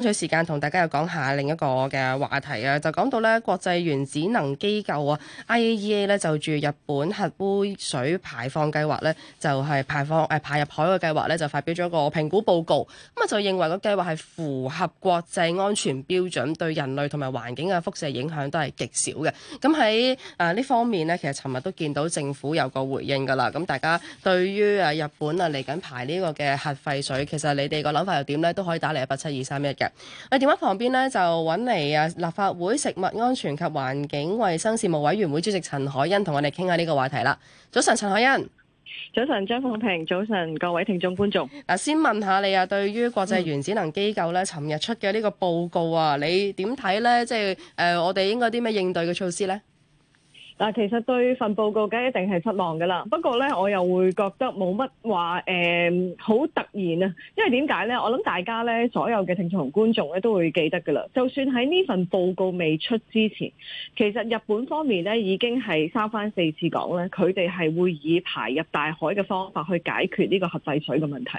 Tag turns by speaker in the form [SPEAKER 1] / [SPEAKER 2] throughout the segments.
[SPEAKER 1] 爭取時間同大家又講下另一個嘅話題啊，就講到咧國際原子能機構啊 IAEA 咧就住日本核污水排放計劃咧就係排放誒排入海嘅計劃咧就發表咗一個評估報告，咁啊就認為個計劃係符合國際安全標準，對人類同埋環境嘅輻射影響都係極少嘅。咁喺啊呢方面咧，其實尋日都見到政府有個回應噶啦。咁大家對於啊日本啊嚟緊排呢個嘅核廢水，其實你哋個諗法又點咧？都可以打嚟一八七二三一嘅。喺電話旁邊咧，就搵嚟啊！立法會食物安全及環境衛生事務委員會主席陳凱欣同我哋傾下呢個話題啦。早晨，陳凱欣，早晨，張鳳平，早晨，各位聽眾觀眾。嗱，先問下你啊，對於國際原子能機構咧，尋日出嘅呢個報告啊，你點睇咧？即係誒，我哋應該啲咩應對嘅措施咧？
[SPEAKER 2] 嗱，其實對份報告，梗一定係失望噶啦。不過咧，我又會覺得冇乜話誒，好、嗯、突然啊！因為點解咧？我諗大家咧，所有嘅聽眾同觀眾咧，都會記得噶啦。就算喺呢份報告未出之前，其實日本方面咧已經係三番四次講咧，佢哋係會以排入大海嘅方法去解決呢個核廢水嘅問題。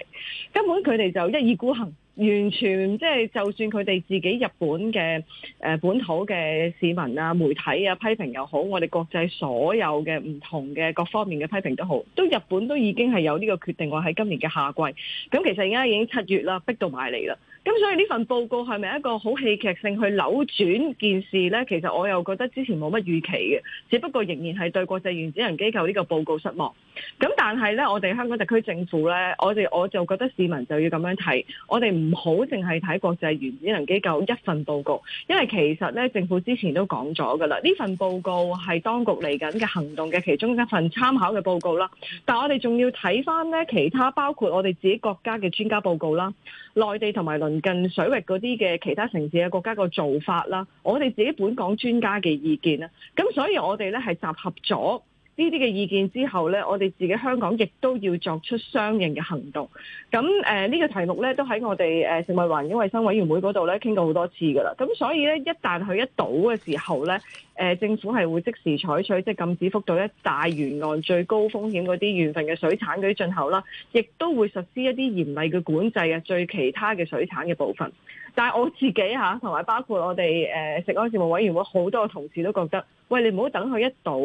[SPEAKER 2] 根本佢哋就一意孤行。完全即係，就算佢哋自己日本嘅誒、呃、本土嘅市民啊、媒體啊批評又好，我哋國際所有嘅唔同嘅各方面嘅批評都好，都日本都已經係有呢個決定，我喺今年嘅夏季。咁其實而家已經七月啦，逼到埋嚟啦。咁所以呢份報告係咪一個好戲劇性去扭轉件事咧？其實我又覺得之前冇乜預期嘅，只不過仍然係對國際原子能機構呢個報告失望。咁但係咧，我哋香港特區政府咧，我哋我就覺得市民就要咁樣睇，我哋唔好淨係睇國際原子能機構一份報告，因為其實咧政府之前都講咗噶啦，呢份報告係當局嚟緊嘅行動嘅其中一份參考嘅報告啦。但係我哋仲要睇翻咧其他包括我哋自己國家嘅專家報告啦，內地同埋內近水域嗰啲嘅其他城市嘅國家個做法啦，我哋自己本港專家嘅意見啦，咁所以我哋咧係集合咗。呢啲嘅意見之後呢，我哋自己香港亦都要作出相應嘅行動。咁誒呢個題目呢，都喺我哋誒食物環境衞生委員會嗰度呢傾過好多次㗎啦。咁所以呢，一旦佢一倒嘅時候呢，呃、政府係會即時採取即係禁止幅度一大沿岸最高風險嗰啲縣份嘅水產嗰啲進口啦，亦都會實施一啲嚴厲嘅管制嘅最其他嘅水產嘅部分。但係我自己嚇同埋包括我哋誒、呃、食安事務委員會好多的同事都覺得，喂，你唔好等佢一倒。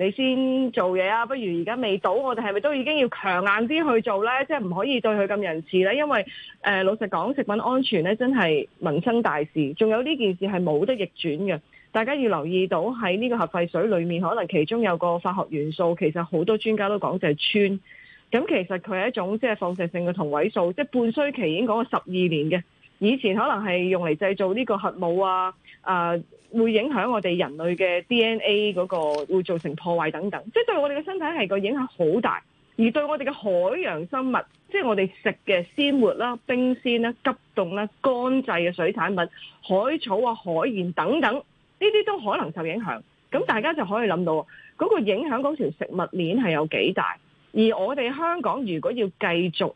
[SPEAKER 2] 你先做嘢啊！不如而家未到，我哋係咪都已經要強硬啲去做咧？即係唔可以對佢咁仁慈咧，因為誒、呃、老實講，食品安全咧真係民生大事。仲有呢件事係冇得逆轉嘅，大家要留意到喺呢個核廢水裏面，可能其中有個化學元素，其實好多專家都講就係氚。咁其實佢係一種即係放射性嘅同位素，即係半衰期已經講過十二年嘅。以前可能係用嚟製造呢個核武啊，啊、呃、會影響我哋人類嘅 DNA 嗰個會造成破壞等等，即係對我哋嘅身體係個影響好大，而對我哋嘅海洋生物，即係我哋食嘅鮮活啦、冰鮮啦、急凍啦、乾製嘅水產物、海草啊、海鹽等等，呢啲都可能受影響。咁大家就可以諗到嗰個影響嗰條食物鏈係有幾大，而我哋香港如果要繼續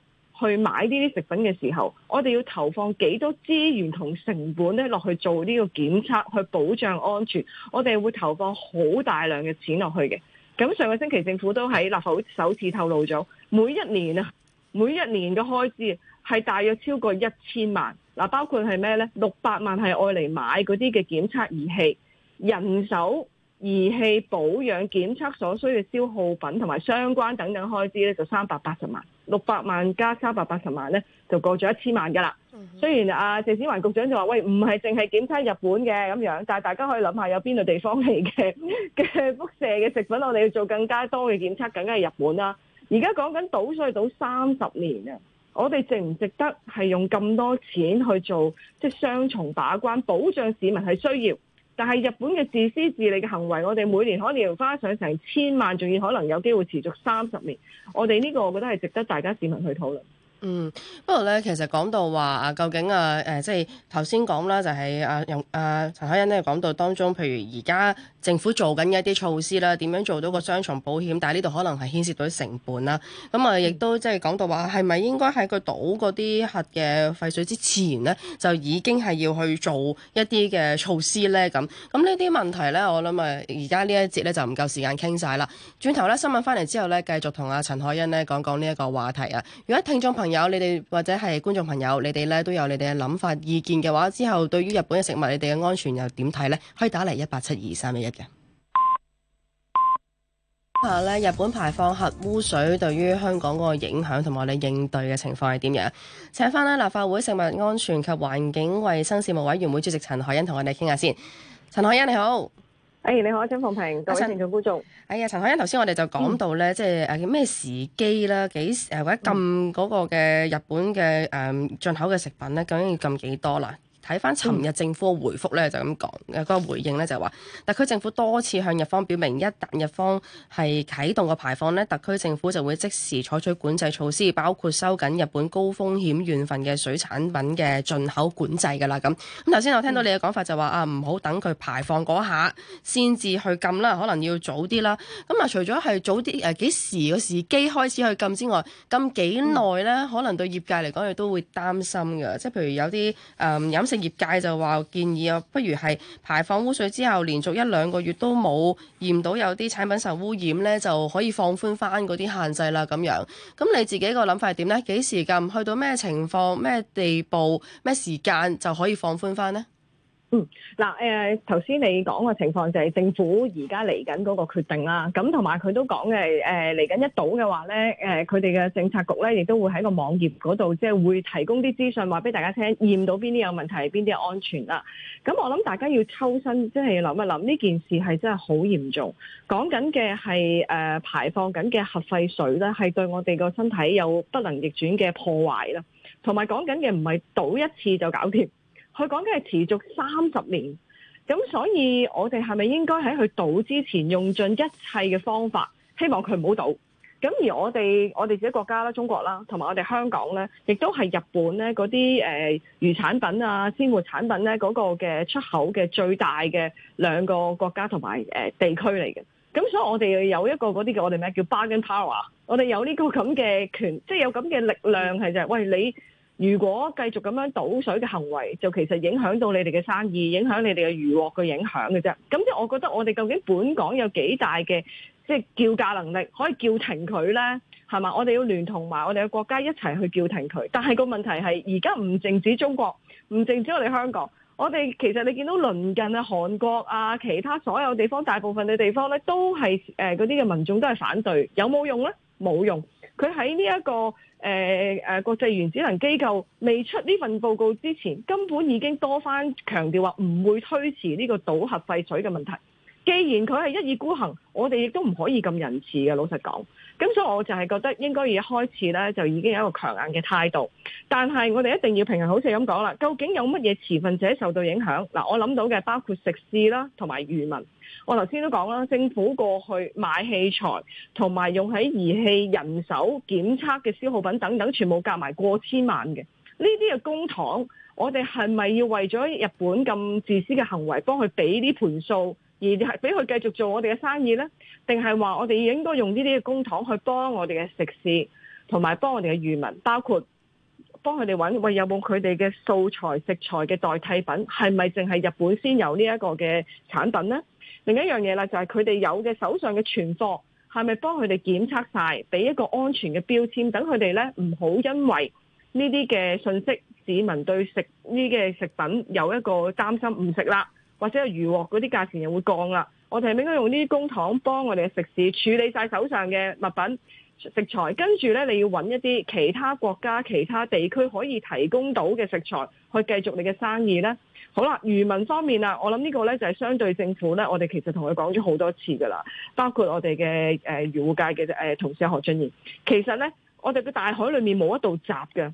[SPEAKER 2] 去買呢啲食品嘅時候，我哋要投放幾多資源同成本咧落去做呢個檢測，去保障安全。我哋會投放好大量嘅錢落去嘅。咁上個星期政府都喺立法會首次透露咗，每一年啊，每一年嘅開支係大約超過一千萬。嗱，包括係咩呢？六百萬係愛嚟買嗰啲嘅檢測儀器，人手。儀器保養檢測所需嘅消耗品同埋相關等等開支咧，就三百八十萬、六百萬加三百八十萬咧，就過咗一千萬噶啦，嗯。雖然啊，謝子環局長就話：喂，唔係淨係檢測日本嘅咁樣，但大家可以諗下，有邊度地方嚟嘅嘅輻射嘅食品，我哋要做更加多嘅檢測，更加係日本啦。而家講緊倒水，倒三十年啊，我哋值唔值得係用咁多錢去做即係、就是、雙重把關，保障市民係需要？但係日本嘅自私自利嘅行為，我哋每年可能要花上成千萬，仲要可能有機會持續三十年。我哋呢個，我覺得係值得大家市民去討論。嗯，不過咧，其
[SPEAKER 1] 實講到話啊，究竟啊即係頭先講啦，就係、是就是、啊楊啊、呃、陳海欣咧講到當中，譬如而家。政府做緊嘅一啲措施啦，點樣做到個雙重保險？但呢度可能係牽涉到成本啦。咁啊，亦都即係講到話，係咪應該喺佢倒嗰啲核嘅廢水之前呢，就已經係要去做一啲嘅措施呢？咁咁呢啲問題呢，我諗啊，而家呢一節咧就唔夠時間傾晒啦。轉頭呢，新聞翻嚟之後呢，繼續同阿陳凱欣呢講講呢一個話題啊。如果聽眾朋友、你哋或者係觀眾朋友，你哋呢都有你哋嘅諗法、意見嘅話，之後對於日本嘅食物，你哋嘅安全又點睇呢？可以打嚟一八七二三一。下咧，日本排放核污水對於香港嗰個影響同埋我哋應對嘅情況係點樣？請翻咧立法會食物安全及環境衛生事務委員會主席陳凱欣同我哋傾下先。陳凱欣你好，誒、哎、你好張鳳
[SPEAKER 2] 平，各位觀眾。
[SPEAKER 1] 哎呀、哎，陳凱欣頭先我哋就講到咧、嗯，即係誒咩時機啦，幾時誒或者禁嗰個嘅日本嘅誒、嗯、進口嘅食品咧，究竟要禁幾多啦？睇翻尋日政府嘅回覆咧，就咁講嗰個回應咧，就話特區政府多次向日方表明，一旦日方係啟動個排放咧，特區政府就會即時採取管制措施，包括收緊日本高風險縣份嘅水產品嘅進口管制㗎啦。咁咁頭先我聽到你嘅講法就話、嗯、啊，唔好等佢排放嗰下先至去禁啦，可能要早啲啦。咁啊，除咗係早啲幾時個時機開始去禁之外，禁幾耐咧，可能對業界嚟講亦都會擔心㗎。即譬如有啲誒、嗯、飲。職業界就話建議啊，不如係排放污水之後，連續一兩個月都冇驗到有啲產品受污染咧，就可以放寬翻嗰啲限制啦。咁樣，咁你自己個諗法係點咧？幾時間去到咩情況、咩地步、咩時間就可
[SPEAKER 2] 以放寬翻咧？嗯，嗱、呃，誒頭先你講嘅情況就係政府而家嚟緊嗰個決定啦，咁同埋佢都講嘅，誒嚟緊一倒嘅話咧，誒佢哋嘅政策局咧亦都會喺個網頁嗰度，即係會提供啲資訊話俾大家聽，驗到邊啲有問題，邊啲安全啦。咁我諗大家要抽身，即係諗一諗呢件事係真係好嚴重，講緊嘅係誒排放緊嘅核廢水咧，係對我哋個身體有不能逆轉嘅破壞啦，同埋講緊嘅唔係倒一次就搞掂。佢講緊係持續三十年，咁所以我哋係咪應該喺佢倒之前用盡一切嘅方法，希望佢唔好倒？咁而我哋我哋自己國家啦、中國啦，同埋我哋香港咧，亦都係日本咧嗰啲誒魚產品啊、鮮活產品咧嗰、那個嘅出口嘅最大嘅兩個國家同埋、呃、地區嚟嘅。咁所以我哋有一個嗰啲叫我哋咩叫 bargain power，我哋有呢個咁嘅權，即係有咁嘅力量係就係、是，喂，你。如果繼續咁樣倒水嘅行為，就其實影響到你哋嘅生意，影響你哋嘅漁獲嘅影響嘅啫。咁即係我覺得，我哋究竟本港有幾大嘅即係叫價能力，可以叫停佢咧？係嘛？我哋要聯同埋我哋嘅國家一齊去叫停佢。但係個問題係，而家唔淨止中國，唔淨止我哋香港。我哋其實你見到鄰近啊、韓國啊、其他所有地方大部分嘅地方咧，都係誒嗰啲嘅民眾都係反對，有冇用咧？冇用。佢喺呢一個誒誒、呃、國際原子能機構未出呢份報告之前，根本已經多番強調話唔會推遲呢個倒核廢水嘅問題。既然佢係一意孤行，我哋亦都唔可以咁仁慈嘅。老實講，咁所以我就係覺得應該一開始咧，就已經有一個強硬嘅態度。但係我哋一定要平衡，好似咁講啦。究竟有乜嘢持份者受到影響？嗱，我諗到嘅包括食肆啦，同埋漁民。我頭先都講啦，政府過去買器材同埋用喺儀器、人手檢測嘅消耗品等等，全部夾埋過千萬嘅。呢啲嘅公帑，我哋係咪要為咗日本咁自私嘅行為，幫佢俾啲盤數？而係俾佢繼續做我哋嘅生意呢？定係話我哋應該用呢啲嘅公帑去幫我哋嘅食肆，同埋幫我哋嘅漁民，包括幫佢哋揾喂，有冇佢哋嘅素材、食材嘅代替品，係咪淨係日本先有呢一個嘅產品呢？另一樣嘢啦，就係佢哋有嘅手上嘅存貨，係咪幫佢哋檢測晒，俾一個安全嘅標籤等佢哋呢？唔好因為呢啲嘅信息，市民對食呢嘅食品有一個擔心，唔食啦。或者係魚獲嗰啲價錢又會降啦，我哋應該用呢啲公帑幫我哋嘅食肆處理晒手上嘅物品食材，跟住咧你要揾一啲其他國家其他地區可以提供到嘅食材去繼續你嘅生意咧。好啦，漁民方面啊，我諗呢個咧就係、是、相對政府咧，我哋其實同佢講咗好多次噶啦，包括我哋嘅誒漁護界嘅誒、呃、同事何俊賢，其實咧我哋嘅大海裡面冇一道閘嘅。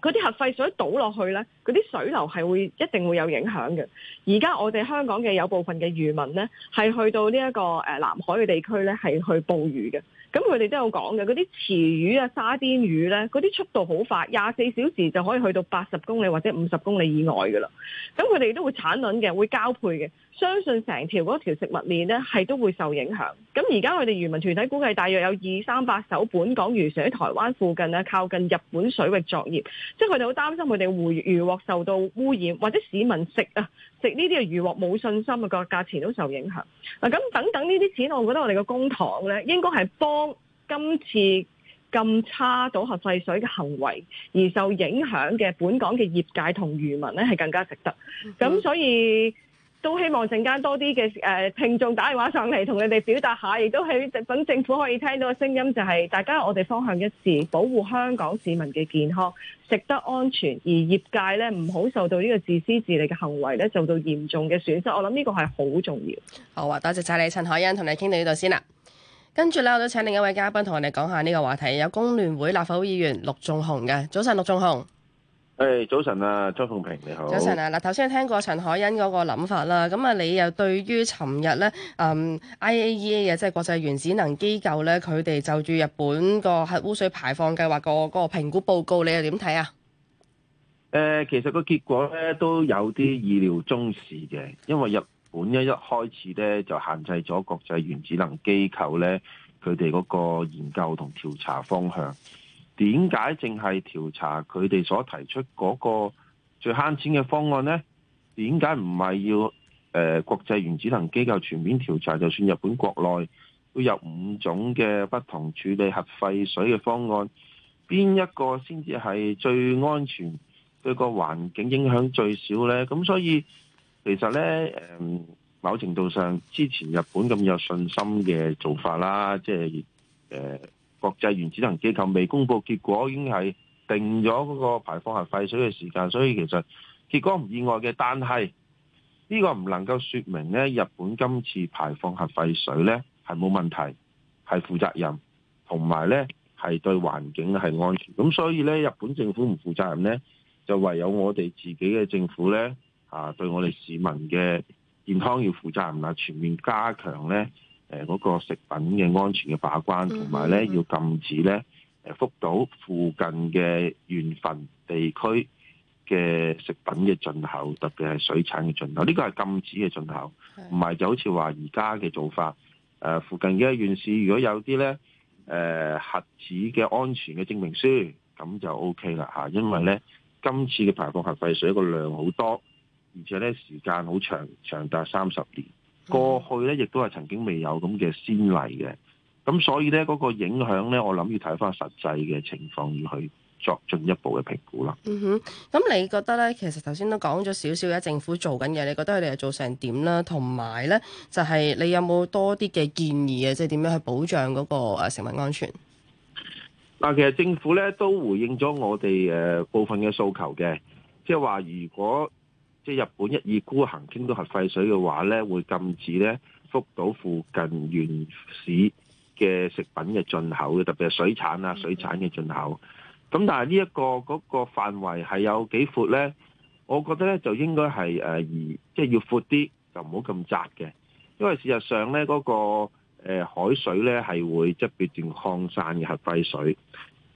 [SPEAKER 2] 嗰啲核廢水倒落去咧，嗰啲水流係會一定會有影響嘅。而家我哋香港嘅有部分嘅漁民咧，係去到呢一個，呃，南海嘅地區咧，係去捕魚嘅。咁佢哋都有講嘅，嗰啲池魚啊、沙甸魚咧，嗰啲速度好快，廿四小時就可以去到八十公里或者五十公里以外㗎啦。咁佢哋都會產卵嘅，會交配嘅。相信成條嗰條食物鏈呢係都會受影響。咁而家佢哋漁民團體估計，大約有二三百艘本港漁船喺台灣附近呢，靠近日本水域作業，即係佢哋好擔心佢哋漁漁獲受到污染，或者市民食啊食呢啲嘅漁獲冇信心啊，個價錢都受影響。嗱，咁等等呢啲錢，我覺得我哋嘅公帑呢應該係幫今次咁差倒核廢水嘅行為而受影響嘅本港嘅業界同漁民呢係更加值得。咁所以，嗯都希望陣間多啲嘅誒聽眾打電話上嚟，同你哋表達下，亦都喺等政府可以聽到聲音，就是，就係大家我哋方向一致，保護香港市民嘅健康，食得安全，而業界咧唔好受到呢個自私自利嘅行為咧，受到嚴重嘅損失。我諗呢個係好重要。好啊，多謝晒你，陳
[SPEAKER 1] 凱欣同你傾到呢度先啦。跟住咧，我都請另一位嘉賓同我哋講下呢個話題，有工聯會立法會議員陸頌雄嘅。早晨，陸頌雄。
[SPEAKER 3] 誒、hey，早晨啊，張鳳平你好。早晨啊，
[SPEAKER 1] 嗱，頭先聽過陳凱欣嗰個諗法啦，咁啊，你又對於尋日咧，嗯，IAEA 嘅即係國際原子能機構咧，佢哋就住日本個核污水排放計劃個嗰個評估報告，你又點睇啊？
[SPEAKER 3] 誒，其實個結果咧都有啲意料中事嘅，因為日本一一開始咧就限制咗國際原子能機構咧，佢哋嗰個研究同調查方向。點解淨係調查佢哋所提出嗰個最慳錢嘅方案呢？點解唔係要誒國際原子能機構全面調查？就算日本國內都有五種嘅不同處理核廢水嘅方案，邊一個先至係最安全、對個環境影響最少呢？咁所以其實呢，誒，某程度上之前日本咁有信心嘅做法啦，即係誒。呃國際原子能機構未公布結果，已經係定咗個排放核廢水嘅時間，所以其實結果唔意外嘅。但係呢個唔能夠說明呢日本今次排放核廢水呢係冇問題，係負責任，同埋呢係對環境係安全。咁所以呢，日本政府唔負責任呢就唯有我哋自己嘅政府呢、啊、對我哋市民嘅健康要負責任，全面加強呢。誒、嗰個食品嘅安全嘅把關，同埋咧要禁止咧，誒、福島附近嘅緣分縣份地區嘅食品嘅進口，特別係水產嘅進口，呢、這個係禁止嘅進口，唔係就好似話而家嘅做法，誒、啊，附近嘅縣市如果有啲咧，誒、啊，核子嘅安全嘅證明書，咁就 OK 啦吓、啊，因為咧今次嘅排放核廢水個量好多，而且咧時間好長，長達三十年。過去咧，亦都係曾經未有咁嘅先例嘅，咁所以咧嗰個影響咧，我諗要睇返實際嘅情況，要去作進一步嘅評估啦。嗯哼，
[SPEAKER 1] 咁你覺得咧，其實頭先都講咗少少嘅政府做緊嘢，你覺得佢哋做成點啦？同埋咧，就係你有冇多啲嘅建議啊？即係點樣去保障嗰個誒食物安全？
[SPEAKER 3] 嗱，其實政府咧都回應咗我哋誒部分嘅訴求嘅，即係話如果，即係日本一意孤行傾到核廢水嘅話咧，會禁止咧福島附近縣市嘅食品嘅進口，特別係水產啊、水產嘅進口。咁但係呢一個嗰、嗰個範圍係有幾闊咧？我覺得咧就應該係誒、呃，即係要闊啲，就唔好咁窄嘅。因為事實上咧，嗰、嗰個、呃、海水咧係會即係不斷擴散嘅核廢水。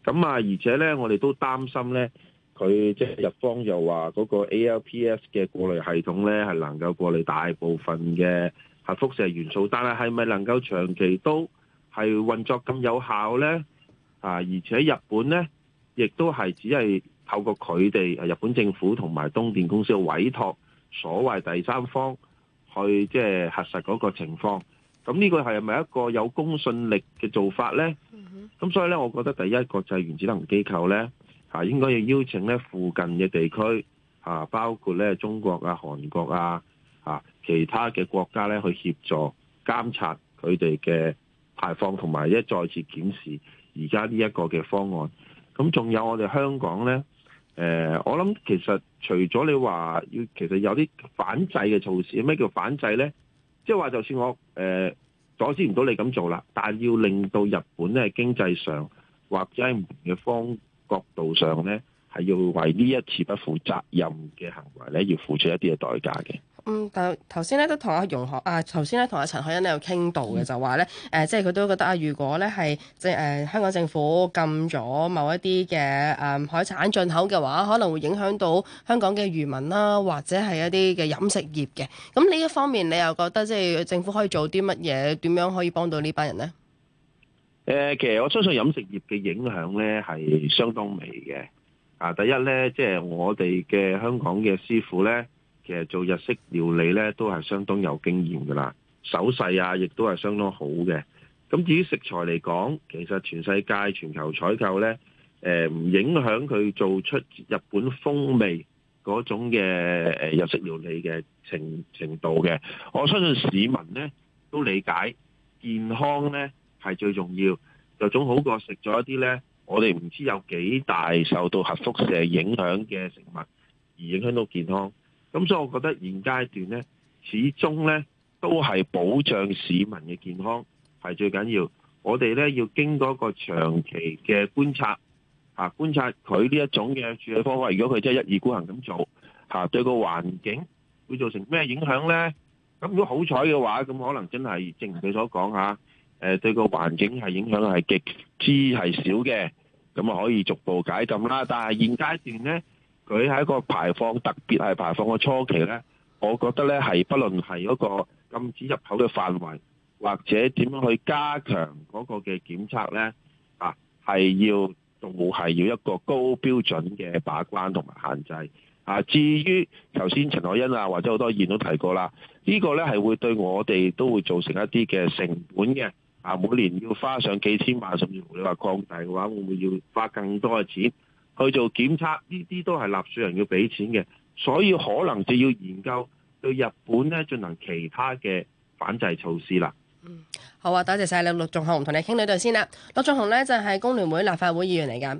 [SPEAKER 3] 咁啊，而且咧，我哋都擔心咧。佢即係日方又話嗰個 ALPS 嘅過濾系統咧，係能夠過濾大部分嘅核輻射元素，但係係咪能夠長期都係運作咁有效咧？啊，而且日本咧，亦都係只係透過佢哋日本政府同埋東電公司嘅委託所謂第三方去即係核實嗰個情況，咁呢個係咪一個有公信力嘅做法咧？咁所以咧，我覺得第一個就係原子能機構咧。啊，應該要邀請咧附近嘅地區啊，包括咧中國啊、韓國啊、啊其他嘅國家咧去協助監察佢哋嘅排放，同埋一再次檢視而家呢一個嘅方案。咁仲有我哋香港咧，誒，我諗其實除咗你話要，其實有啲反制嘅措施。咩叫反制咧？即係話，就算我誒阻止唔到你咁做啦，但係要令到日本咧經濟上或者在不同係唔同嘅方角度上咧，係要為呢一次不負責任嘅行為咧，要付出一啲嘅代價嘅。
[SPEAKER 1] 嗯，但頭先咧都同阿頌雄啊，頭先咧同阿陳凱欣咧有傾到嘅，就話咧，誒、呃，即係佢都覺得啊，如果咧係即係誒香港政府禁咗某一啲嘅誒海產進口嘅話，可能會影響到香港嘅漁民啦，或者係一啲嘅飲食業嘅。咁呢一方面，你又覺得即係政府可以做啲乜嘢？點樣可以幫到這人呢班人咧？
[SPEAKER 3] 誒，其實我相信飲食業嘅影響咧係相當微嘅。啊，第一咧，即係我哋嘅香港嘅師傅咧，其實做日式料理咧都係相當有經驗噶啦，手勢啊，亦都係相當好嘅。咁至於食材嚟講，其實全世界全球採購咧，誒，唔影響佢做出日本風味嗰種嘅誒日式料理嘅程程度嘅。我相信市民咧都理解健康咧，係最重要，就總好過食咗一啲呢，我哋唔知有幾大受到核輻射影響嘅食物而影響到健康。咁所以我覺得現階段呢，始終呢都係保障市民嘅健康係最緊要。我哋呢要經過一個長期嘅觀察，吓、啊、觀察佢呢一種嘅處理方法。如果佢真係一意孤行咁做，吓、啊、對個環境會造成咩影響呢？咁如果好彩嘅話，咁可能真係正如佢所講吓，誒，對個環境係影響係極之係少嘅，咁啊可以逐步解禁啦。但係現階段呢，佢喺個排放，特別係排放個初期呢，我覺得呢係不論係嗰個禁止入口嘅範圍，或者點樣去加強嗰個嘅檢測呢，啊係要仲冇係要一個高標準嘅把關同埋限制。啊，至於頭先陳凱欣啊，或者好多議員都提過啦，呢、呢個呢係會對我哋都會造成一啲嘅成本嘅。啊！每年要花上幾千萬十元，甚至乎你話擴大嘅話，會唔會要花更多嘅錢去做檢測？呢啲都係納稅人要俾錢嘅，所以可能就要研究對日本咧進行其他嘅反制措施啦。嗯，
[SPEAKER 1] 好啊，多謝晒你，陸頌雄同你傾呢對先啦。陸頌雄咧就係、是、工聯會立法會議員嚟㗎。